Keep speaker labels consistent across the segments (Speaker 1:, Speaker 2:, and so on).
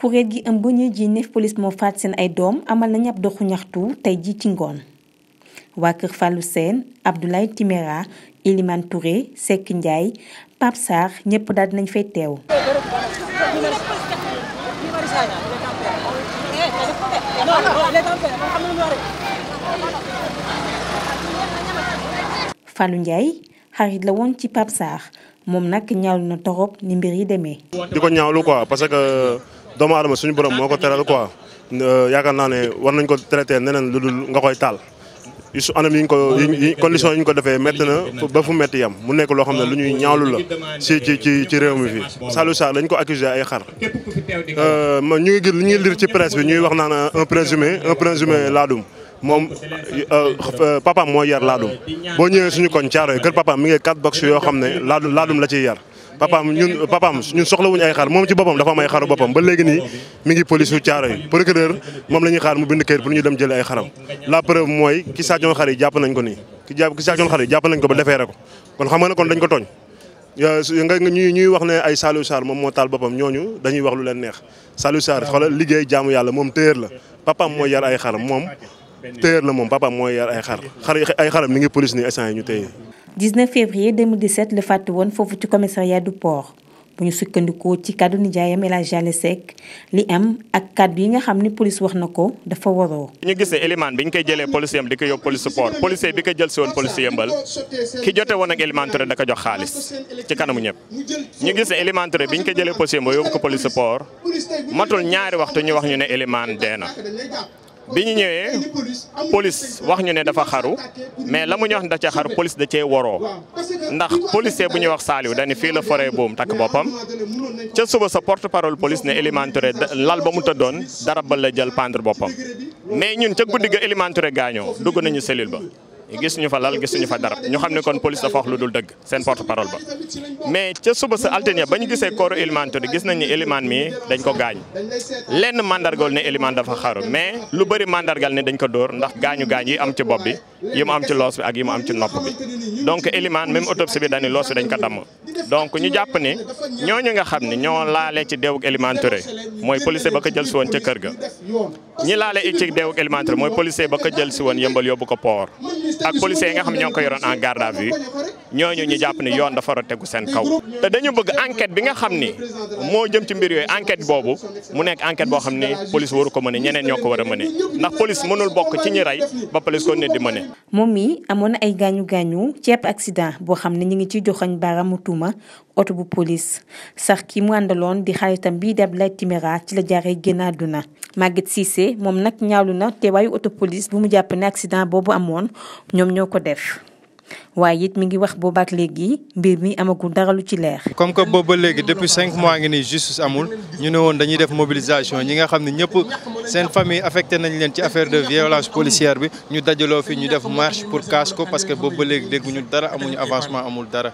Speaker 1: kuréel gi am ñuy ji neef police moo faat seen ay doom amal nañu ab doxu ñaxtu tey ji ci ngoon waa kër Fallou Sène Abdoulaye Timéra Elimane Touré Seck Ndiaye Pape Sarr ñëpp dinañ fay teew. Fallou xarit la woon ci Pape moom nag ñaawlu na torop ni mbir yi demee.
Speaker 2: di ko ñaawlu quoi parce que. doomu aadama suñu borom moo ko teral quoi euh, yaakaar naa ne war nañ ko traité neneen lu dul nga koy taal su anam yi ñu ko yi condition yi ñu ko defee métti na ba fu métti yam mu nekk loo xam ne lu ñuy ñaalu la si ci ci ci réew mi fii Saliou Sarr dañ ko accusé ay xar euh, ma ñu ngi gis li ñuy lire ci presse bi ñuy wax naan un présumé un présumé laadum moom euh, papaam mooy yar laadum boo ñëwee suñu koñ caaro yi kër papaam mi ngi quatre box yoo xam ne laadum laadum la ciy yar papaam ñun papaam ñun soxlawuñu ay xar moom ci boppam dafa am ay xaru boppam ba léegi nii mi ngi police yu caaro yi procureur moom la ñuy xaar mu bind kayit pour ñu dem jëlee ay xaram la preuve mooy ki saacoon xar yi jàpp nañ ko nii ki jàpp ki saacoon xar yi jàpp nañ ko ba defeere ko kon xam nga ne kon dañ ko tooñ nga ñuy ñuy wax ne ay Saliou saar moom moo taal boppam ñooñu dañuy wax lu leen neex Saliou Sarr xoolal liggéey jaamu yàlla moom téer la papaam mooy yar ay xaram moom téer la moom papa mooy yar ay xar xar ay xaram ni ngi police ni instant yi ñu
Speaker 1: téye. février la fàtte woon foofu ci commissariat du port bu ñu sukkandikoo ci kàddu nijaayam El Hadj Alé Seck li am ak kàddu yi nga xam ne police wax na ko dafa waroo.
Speaker 3: ñu gis ne Elimane bi ñu koy jëlee police yam di ko yóbbu police port policier bi ko jël si woon police yëmbal woon ak Elimane Touré jox xaalis ci kanamu ñëpp. ñu gis ne Elimane bi ñu ko jëlee police yëmbal yóbbu ko police port matul ñaari waxtu ñu wax ñu ne Elimane dee na bi ñu ñëwee police wax ñu ne dafa xaru mais la mu ñu wax ne da cee xaru police da cee waroo ndax policier bu ñuy wax Saliou dañu fii la forêt boobu takk boppam ca suba sa porte parole police ne Elimane lal ba mu tëddoon dara ba la jël pendre boppam mais ñun ca guddi ga Elimane gaañoo dugg nañu cellule ba. gis ñu fa lal gis ñu fa darab ñu xam ne kon police dafa wax lu dul dëgg seen porte parole ba mais ca suba sa altine ba ñu gisee kooru élimaan tudd gis nañ ni élimaan mi dañ ko gaañ lenn mandargal ne élimaan dafa xaru mais lu bëri mandargal ne dañ ko dóor ndax gaañu gaañ yi am ci bopp bi yi mu am ci loos bi ak yi mu am ci nopp bi donc élimaan même autopsie bi dañu loos bi dañ ko damm donc ñu jàpp ni ñooñu nga xam ne ñoo laale ci deewug élimaan Touré mooy policier ba ko jël si woon ca kër ga ñi laale ci deewug élimaan Touré mooy policier ba ko jël si woon yëmbal yóbbu ko poor ak policiers yi nga xam ñoo ngi ko yoroon en garde à ñooñu ñu jàpp ne yoon dafa war a tegu seen kaw te dañu bëgg enquête bi nga xam ni moo jëm ci mbir yooyu enquête boobu mu nekk enquête boo xam ni police waru ko mën ñeneen ñoo ko war a ndax police mënul bokk ci ñi rey ba police ko ne di mën
Speaker 1: moom mii amoon na ay gaañu gaañu ci ab boo xam ne ñu ngi ci joxoñ baaraamu tuuma oto bu police sax kii mu àndaloon di xaritam bii di Abdoulaye Timéra ci la jaaree génn àdduna Maguette Cissé moom nag ñaawlu na teewaayu oto police bu mu jàpp ne accident boobu amoon ñoom ñoo ko def waaye it mi ngi wax boobaak léegi mbir mi amagul dara lu ci leer.
Speaker 3: comme que boobu ba léegi depuis cinq mois ngi nii justice amul ñu ne woon dañuy def mobilisation ñi nga xam ne ñëpp seen famille affecté nañ leen ci affaire de violence policière bi ñu dajaloo fi ñu def marche pour kaas ko parce que boobu ba léegi ñu dara amuñu avancement amul dara.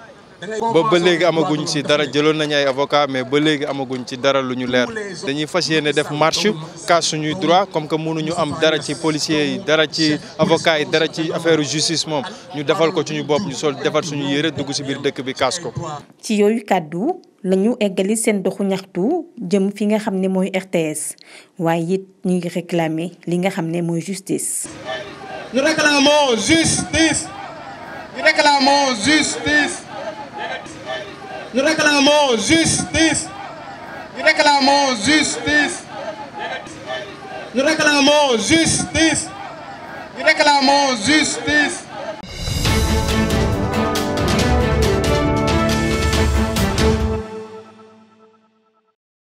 Speaker 2: ba ba léegi amaguñ
Speaker 3: ci dara jëloon nañu ay avocat mais ba léegi amaguñ ci dara lu ñu leer dañuy fas yéene def marche cas suñuy droit comme que mënuñu am dara ci policiers yi dara ci avocat yi dara ci affaire justice moom ñu defal ko ci ñu bopp ñu sol defal suñu yére dugg ci biir dëkk bi kaas ko.
Speaker 1: ci yooyu kàddu lañu eggali seen doxu ñaxtu jëm fi nga xam ne mooy RTS waaye it ñu ngi réclamer li nga xam ne mooy justice. nous justice. Nous réclamons justice.
Speaker 2: Nous réclamons justice. Nous réclamons justice. Nous réclamons justice.